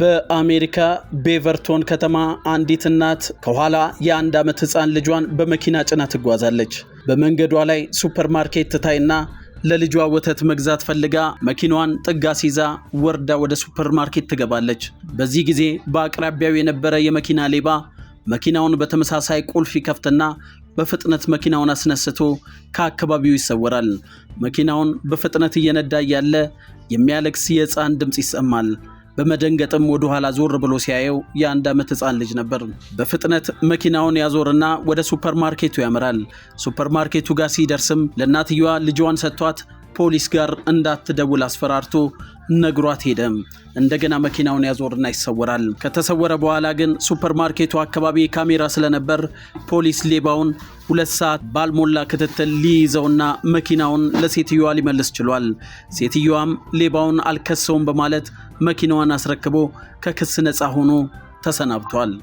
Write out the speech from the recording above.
በአሜሪካ ቤቨርቶን ከተማ አንዲት እናት ከኋላ የአንድ ዓመት ሕፃን ልጇን በመኪና ጭና ትጓዛለች። በመንገዷ ላይ ሱፐርማርኬት ትታይና ለልጇ ወተት መግዛት ፈልጋ መኪናዋን ጥጋ ሲይዛ ወርዳ ወደ ሱፐርማርኬት ትገባለች። በዚህ ጊዜ በአቅራቢያው የነበረ የመኪና ሌባ መኪናውን በተመሳሳይ ቁልፍ ይከፍትና በፍጥነት መኪናውን አስነስቶ ከአካባቢው ይሰወራል። መኪናውን በፍጥነት እየነዳ እያለ የሚያለቅስ የሕፃን ድምፅ ይሰማል። በመደንገጥም ወደ ኋላ ዞር ብሎ ሲያየው የአንድ ዓመት ሕፃን ልጅ ነበር። በፍጥነት መኪናውን ያዞርና ወደ ሱፐርማርኬቱ ያመራል። ሱፐርማርኬቱ ጋር ሲደርስም ለእናትየዋ ልጇን ሰጥቷት ፖሊስ ጋር እንዳትደውል አስፈራርቶ ነግሯት ሄደም። እንደገና መኪናውን ያዞርና ይሰወራል። ከተሰወረ በኋላ ግን ሱፐርማርኬቱ አካባቢ ካሜራ ስለነበር ፖሊስ ሌባውን ሁለት ሰዓት ባልሞላ ክትትል ሊይዘውና መኪናውን ለሴትዮዋ ሊመልስ ችሏል። ሴትዮዋም ሌባውን አልከሰውም በማለት መኪናዋን አስረክቦ ከክስ ነፃ ሆኖ ተሰናብቷል።